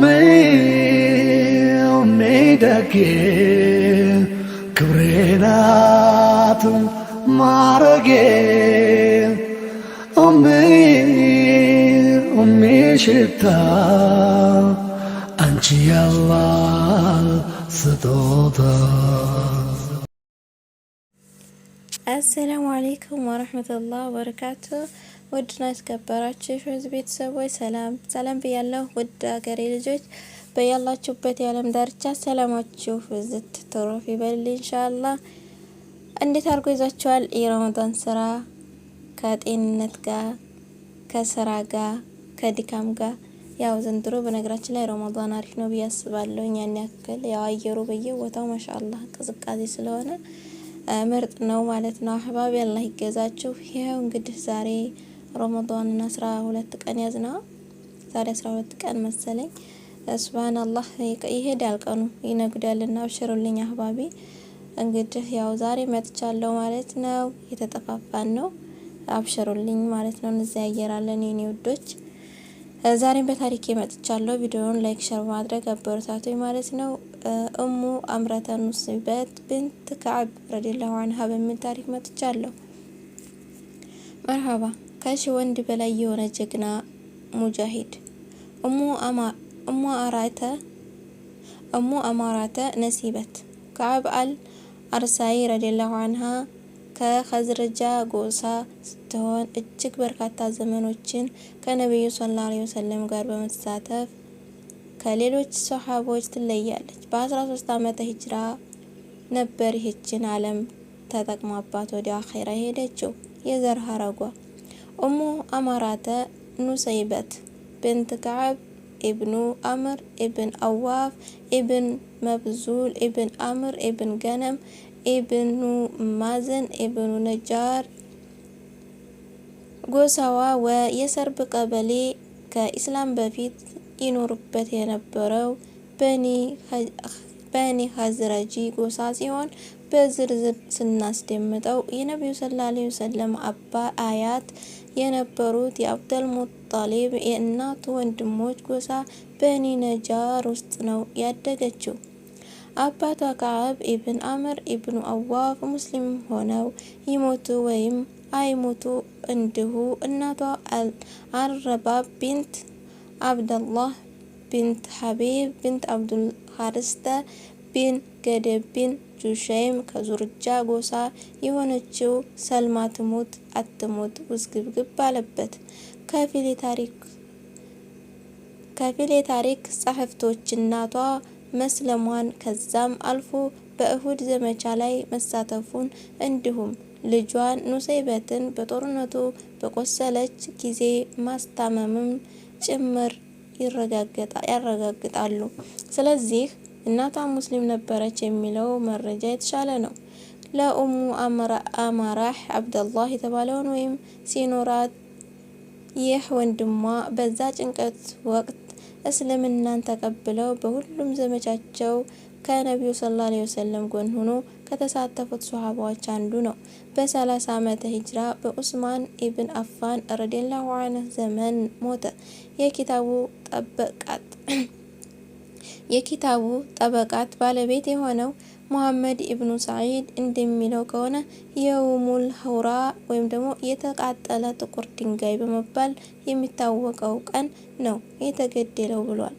ሜሜደጌ ክብሬናት ማረጌ ሽታ አንቺ ያላል ስጦታ። አሰላሙ አሌይኩም ወረሕመቱላህ ወበረካቱ ውድና ያስከበራችሁ ህዝብ ቤተሰቦች ሰላም ሰላም ብያለሁ። ውድ ሀገሬ ልጆች በያላችሁበት የዓለም ዳርቻ ሰላማችሁ ዝት ትሮፍ ይበል እንሻላ። እንዴት አድርጎ ይዛችኋል? የረመዳን ስራ ከጤንነት ጋር ከስራ ጋር ከድካም ጋር ያው ዘንድሮ በነገራችን ላይ ረመዳን አሪፍ ነው ብዬ አስባለሁ። ያን ያክል ያው አየሩ በየቦታው ማሻአላህ ቅዝቃዜ ስለሆነ ምርጥ ነው ማለት ነው። አህባቢ አላህ ይገዛችሁ። ይኸው እንግዲህ ዛሬ ረመዳንን አስራ ሁለት ቀን ያዝና ዛሬ አስራ ሁለት ቀን መሰለኝ። ስብሀን አላህ ይሄዳል ቀኑ ይነግዳልና፣ አብሽሩልኝ አህባቢ። እንግዲህ ያው ዛሬ መጥቻለሁ ማለት ነው። የተጠፋፋን ነው አብሽሩልኝ ማለት ነው። እንዘያየራለን የኔ ውዶች። ዛሬም በታሪክ መጥቻለሁ። ቪዲዮውን ላይክ፣ ሸር በማድረግ አበረታቶኝ ማለት ነው። እሙ አምረተ ኑስበት ብንት ከዓብ ረዲላሁ አንሃ በሚል ታሪክ መጥቻለሁ። መርሀባ ከሺህ ወንድ በላይ የሆነ ጀግና ሙጃሂድ እሙ አራተ እሙ አማራተ ነሲበት ከአብ አል አርሳይ ረዲላሁ አንሃ ከከዝረጃ ጎሳ ስትሆን እጅግ በርካታ ዘመኖችን ከነቢዩ ሰለላሁ ዐለይሂ ወሰለም ጋር በመሳተፍ ከሌሎች ሰሓቦች ትለያለች። በ13 ዓመተ ሂጅራ ነበር ይህችን ዓለም ተጠቅማባት ወደ አኼራ ሄደችው የዘር ሀረጓ ኡሙ አማራተ ኑሰይበት ብንት ከዓብ ኢብኑ አምር ኢብን አዋፍ ኢብን መብዙል ኢብን አምር ኢብን ገነም ኢብኑ ማዘን ኢብኑ ነጃር ጎሳዋ ወ የሰርብ ቀበሌ ከኢስላም በፊት ይኖርበት የነበረው በኒ ሀዝረጂ ጎሳ ሲሆን በዝርዝር ስናስደምጠው የነቢዩ ሰለላሁ ዐለይሂ ወሰለም አባ አያት የነበሩት የአብደል ሙጣሊብ የእናቱ ወንድሞች ጎሳ በኒ ነጃር ውስጥ ነው ያደገችው። አባቷ ከዓብ ኢብን አምር ኢብኑ አዋፍ ሙስሊም ሆነው ይሞቱ ወይም አይሞቱ እንዲሁ እናቷ አልረባብ ቢንት አብደላህ ቢንት ሐቢብ ቢንት አብዱል ሀርስተ ቢን ገደብ ቢን ጁሸይም ከዙርጃ ጎሳ የሆነችው ሰልማ ትሙት አትሙት ውዝግብግብ አለበት። ከፊል የታሪክ ከፊል የታሪክ ጸሐፍቶች እናቷ መስለሟን ከዛም አልፎ በእሁድ ዘመቻ ላይ መሳተፉን እንዲሁም ልጇን ኑሰይበትን በጦርነቱ በቆሰለች ጊዜ ማስታመምም ጭምር ያረጋግጣሉ። ስለዚህ እናቷ ሙስሊም ነበረች የሚለው መረጃ የተሻለ ነው። ለኡሙ አማራህ አብደላህ የተባለውን ወይም ሲኖራት ይህ ወንድሟ በዛ ጭንቀት ወቅት እስልምናን ተቀብለው በሁሉም ዘመቻቸው ከነቢዩ ሰለላሁ ዐለይሂ ወሰለም ጎን ሆኖ ከተሳተፉት ሶሃባዎች አንዱ ነው። በ30 ዓመተ ሂጅራ በኡስማን ኢብን አፋን ረዲየላሁ ዐንሁ ዘመን ሞተ። የኪታቡ ጠበቃት የኪታቡ ጠበቃት ባለቤት የሆነው ሙሐመድ ኢብኑ ሰዒድ እንደሚለው ከሆነ የውሙል ሀውራ ወይም ደግሞ የተቃጠለ ጥቁር ድንጋይ በመባል የሚታወቀው ቀን ነው የተገደለው ብሏል።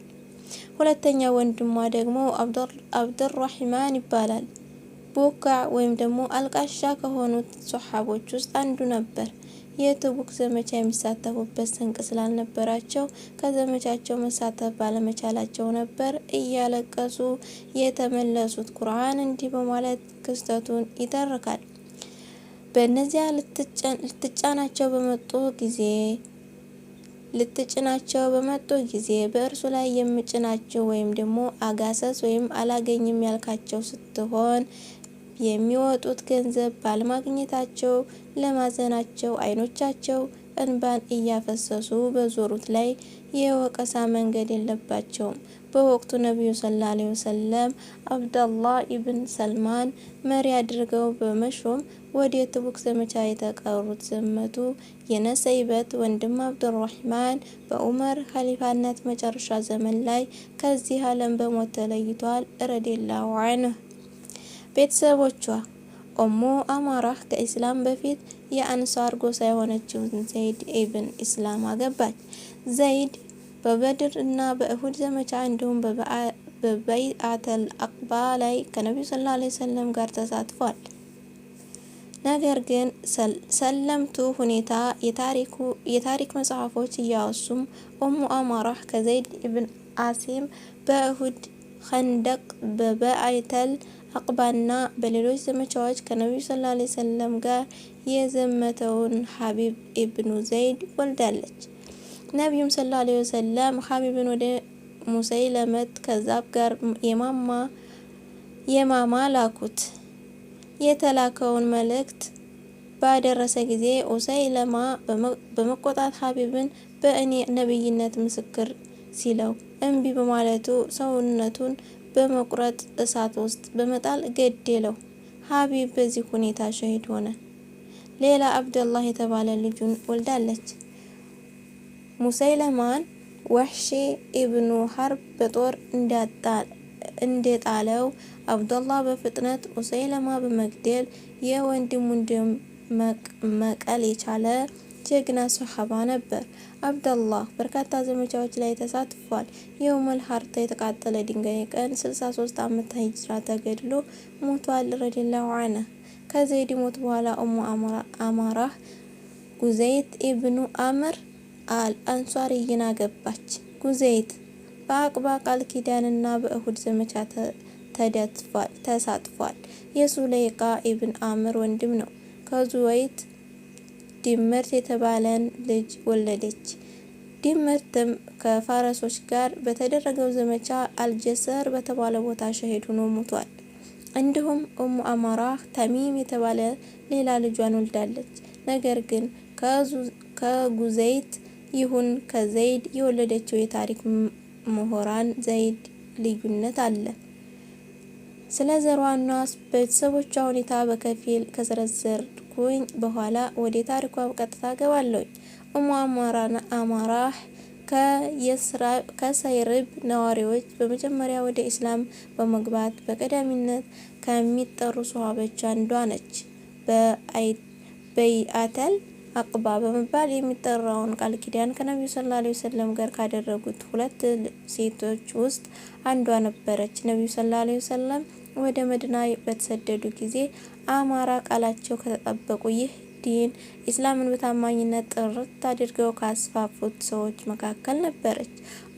ሁለተኛ ወንድሟ ደግሞ አብዱራሂማን ይባላል። ቦካ ወይም ደግሞ አልቃሻ ከሆኑት ሶሓቦች ውስጥ አንዱ ነበር። የትቡክ ዘመቻ የሚሳተፉበት ስንቅ ስላልነበራቸው ከዘመቻቸው መሳተፍ ባለመቻላቸው ነበር እያለቀሱ የተመለሱት። ቁርአን እንዲህ በማለት ክስተቱን ይተርካል። በእነዚያ ልትጫናቸው በመጡ ጊዜ ልትጭናቸው በመጡ ጊዜ በእርሱ ላይ የምጭናቸው ወይም ደግሞ አጋሰስ ወይም አላገኝም ያልካቸው ስትሆን የሚወጡት ገንዘብ ባለማግኘታቸው ለማዘናቸው አይኖቻቸው እንባን እያፈሰሱ በዞሩት ላይ የወቀሳ መንገድ የለባቸውም። በወቅቱ ነቢዩ ሰለላሁ ዐለይሂ ወሰለም አብደላህ ኢብን ሰልማን መሪ አድርገው በመሾም ወደ ትቡክ ዘመቻ የተቀሩት ዘመቱ የነሰይበት ወንድም አብዱራህማን በኡመር ኸሊፋነት መጨረሻ ዘመን ላይ ከዚህ ዓለም በሞት ተለይቷል ረዲየላሁ ዐንሁ። ቤተሰቦቿ ኦሞ አማራ ከኢስላም በፊት የአንሷር ጎሳ የሆነችውን ዘይድ ኢብን ኢስላም አገባች። ዘይድ በበድር እና በእሁድ ዘመቻ እንዲሁም በበይአተል አቅባ ላይ ከነቢዩ ሰለላሁ ዐለይሂ ወሰለም ጋር ተሳትፏል። ነገር ግን ሰለምቱ ሁኔታ የታሪክ መጽሐፎች እያወሱም ኦሙ አማራህ ከዘይድ ኢብን አሲም በእሁድ፣ ኸንደቅ፣ በበአይተል አቅባና በሌሎች ዘመቻዎች ከነቢዩ ሰለላሁ ዓለይሂ ወሰለም ጋር የዘመተውን ሀቢብ ኢብኑ ዘይድ ወልዳለች። ነቢዩም ሰለላሁ ዓለይሂ ወሰለም ሀቢብን ወደ ሙሰይለመት ከዛብ ጋር የማማ የማማ ላኩት። የተላከውን መልእክት ባደረሰ ጊዜ ኡሰይለማ በመቆጣት ሀቢብን በእኔ ነብይነት ምስክር ሲለው እምቢ በማለቱ ሰውነቱን በመቁረጥ እሳት ውስጥ በመጣል ገደለው። ሀቢብ በዚህ ሁኔታ ሸሂድ ሆነ። ሌላ አብደላህ የተባለ ልጁን ወልዳለች። ሙሰይለማን ወሕሺ ኢብኑ ሀርብ በጦር እንደጣለው አብደላህ በፍጥነት ሙሰይለማ በመግደል የወንድሙን ደም መቀል የቻለ ጀግና ሶሓባ ነበር። አብደላህ በርካታ ዘመቻዎች ላይ ተሳትፏል። የኡመል ሀርታ የተቃጠለ ድንጋይ ቀን 63 ዓመት ሂጅራ ተገድሎ ሞቷል ረዲላሁ ዐንሁ። ከዘይድ ሞት በኋላ ኡሙ አማራህ ጉዘይት ኢብኑ አምር አል አንሷሪይን አገባች። ጉዘይት በአቅባ ቃል ኪዳንና በእሁድ ዘመቻ ተሳትፏል። የሱለይቃ ኢብን አምር ወንድም ነው። ከዙወይት ድምርት የተባለን ልጅ ወለደች። ድምርትም ከፋረሶች ጋር በተደረገው ዘመቻ አልጀሰር በተባለ ቦታ ሸሄድ ሆኖ ሞቷል። እንዲሁም ኡሙ አማራ ተሚም የተባለ ሌላ ልጇን ወልዳለች። ነገር ግን ከጉዘይት ይሁን ከዘይድ የወለደችው የታሪክ ምሁራን ዘይድ ልዩነት አለ። ስለ ዘሯና ቤተሰቦቿ ሁኔታ በከፊል ከዘረዘር ካደረግኩኝ በኋላ ወደ ታሪኳ ቀጥታ ገባለሁኝ። እሙ አማራ ከሰይርብ ነዋሪዎች በመጀመሪያ ወደ ኢስላም በመግባት በቀዳሚነት ከሚጠሩ ሶሃቦች አንዷ ነች። በይአተል አቅባ በመባል የሚጠራውን ቃል ኪዳን ከነቢዩ ሰለላሁ ዐለይሂ ወሰለም ጋር ካደረጉት ሁለት ሴቶች ውስጥ አንዷ ነበረች። ነቢዩ ሰለላሁ ዐለይሂ ወሰለም ወደ መድና በተሰደዱ ጊዜ አማራ ቃላቸው ከተጠበቁ ይህ ዲን ኢስላምን በታማኝነት ጥርት አድርገው ካስፋፉት ሰዎች መካከል ነበረች።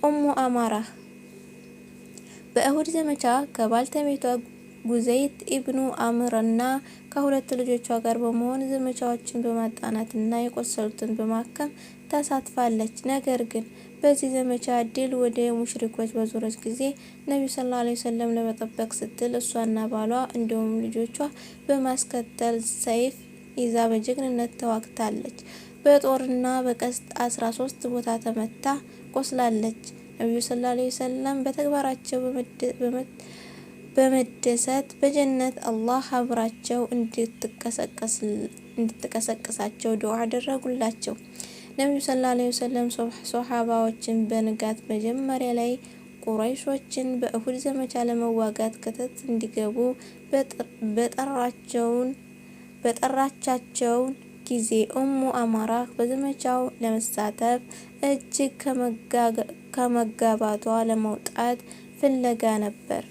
ኡሙ አማራ በእሁድ ዘመቻ ከባልተቤቷ ጉዘይት ኢብኑ አምርና ከሁለት ልጆቿ ጋር በመሆን ዘመቻዎችን በማጣናትና የቆሰሉትን በማከም ተሳትፋለች። ነገር ግን በዚህ ዘመቻ ድል ወደ ሙሽሪኮች በዞረች ጊዜ ነቢዩ ሰለላሁ ዐለይሂ ወሰለም ለመጠበቅ ስትል እሷና ባሏ እንዲሁም ልጆቿ በማስከተል ሰይፍ ይዛ በጀግንነት ተዋግታለች። በጦርና በቀስት አስራ ሶስት ቦታ ተመታ ቆስላለች። ነቢዩ ሰለላሁ ዐለይሂ ወሰለም በተግባራቸው በመደሰት በጀነት አላህ አብራቸው እንድትቀሰቅሳቸው ዱዓ አደረጉላቸው። ነቢዩ ሰለላሁ ዐለይሂ ወሰለም ሶሓባዎችን በንጋት መጀመሪያ ላይ ቁረይሾችን በእሁድ ዘመቻ ለመዋጋት ክተት እንዲገቡ በጠራቻቸውን ጊዜ እሙ አማራ በዘመቻው ለመሳተፍ እጅግ ከመጋባቷ ለመውጣት ፍለጋ ነበር።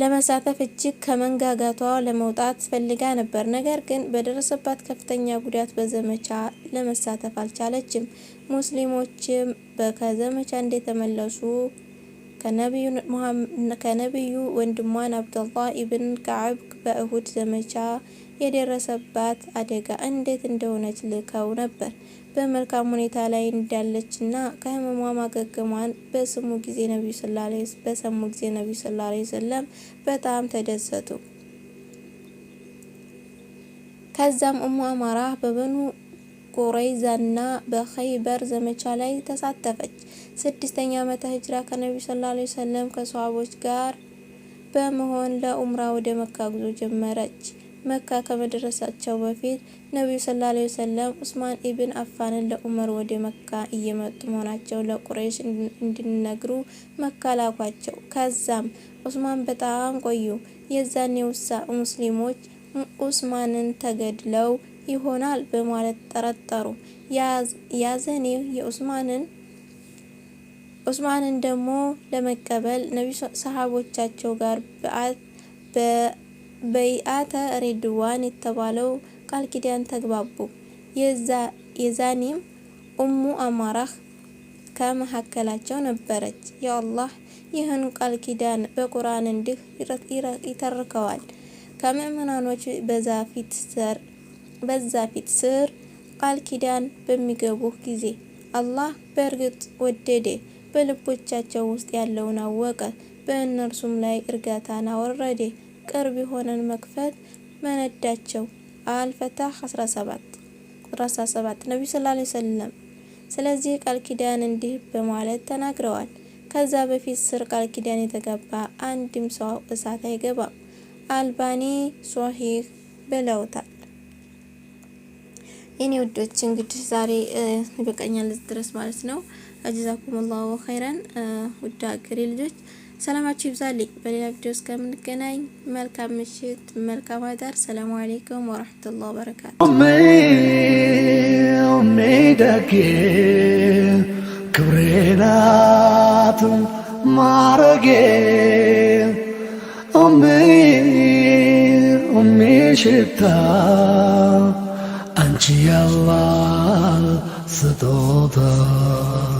ለመሳተፍ እጅግ ከመንጋጋቷ ለመውጣት ፈልጋ ነበር። ነገር ግን በደረሰባት ከፍተኛ ጉዳት በዘመቻ ለመሳተፍ አልቻለችም። ሙስሊሞችም ከዘመቻ እንደተመለሱ ከነቢዩ ወንድሟን አብደላህ ኢብን ከዓብ በእሁድ ዘመቻ የደረሰባት አደጋ እንዴት እንደሆነች ልከው ነበር። በመልካም ሁኔታ ላይ እንዳለችና ከህመሟ ማገገሟን በስሙ ጊዜ ነቢዩ ስላ በሰሙ ጊዜ ነቢዩ ስላ ሰለም በጣም ተደሰቱ። ከዛም እሙ አማራ በበኑ ቁረይዛና በኸይበር ዘመቻ ላይ ተሳተፈች። ስድስተኛ ዓመተ ህጅራ ከነቢዩ ሰለላሁ ዐለይሂ ወሰለም ከሰሃቦች ጋር በመሆን ለኡምራ ወደ መካ ጉዞ ጀመረች። መካ ከመድረሳቸው በፊት ነቢዩ ሰለላሁ ዐለይሂ ወሰለም ዑስማን ኢብን አፋንን ለኡመር ወደ መካ እየመጡ መሆናቸው ለቁረይሽ እንዲነግሩ መካ ላኳቸው። ከዛም ኡስማን በጣም ቆዩ። የዛኔ ውሳ ሙስሊሞች ኡስማንን ተገድለው ይሆናል በማለት ጠረጠሩ። ያዘኔ የዑስማንን ዑስማንን ደግሞ ለመቀበል ነቢዩ ሰሃቦቻቸው ጋር በዓት በይአተ ሬድዋን የተባለው ቃል ኪዳን ተግባቡ። የዛኔም ኡሙ አማራህ ከመካከላቸው ነበረች። የአላህ ይህን ቃል ኪዳን በቁርአን እንዲህ ይተርከዋል። ከምእመናኖች በዛ ፊት ስር ቃል ኪዳን በሚገቡህ ጊዜ አላህ በእርግጥ ወደደ፣ በልቦቻቸው ውስጥ ያለውን አወቀ፣ በእነርሱም ላይ እርጋታን አወረዴ። ቅርብ የሆነን መክፈት መነዳቸው። አልፈታህ 17 ቁጥር 17 ነቢዩ ሰለላሁ ዐለይሂ ስለዚህ ቃል ኪዳን እንዲህ በማለት ተናግረዋል። ከዛ በፊት ስር ቃል ኪዳን የተገባ አንድም ሰው እሳት አይገባም። አልባኒ ሶሂህ ብለውታል። የኔ ውዶች እንግዲህ ዛሬ ይበቃኛል ድረስ ማለት ነው። አጅዛኩም ላሁ ኸይረን ውድ ሀገሬ ልጆች ሰላማችሁ ይብዛልኝ። በሌላ ቪዲዮ እስከምንገናኝ መልካም ምሽት፣ መልካም አዳር። ሰላሙ አሌይኩም ወረህመቱላሂ ወበረካቱ። ክብሬ ናት ማረጌ ኦሜ ኦሜ ሽታ አንቺ ያላ ስጦታ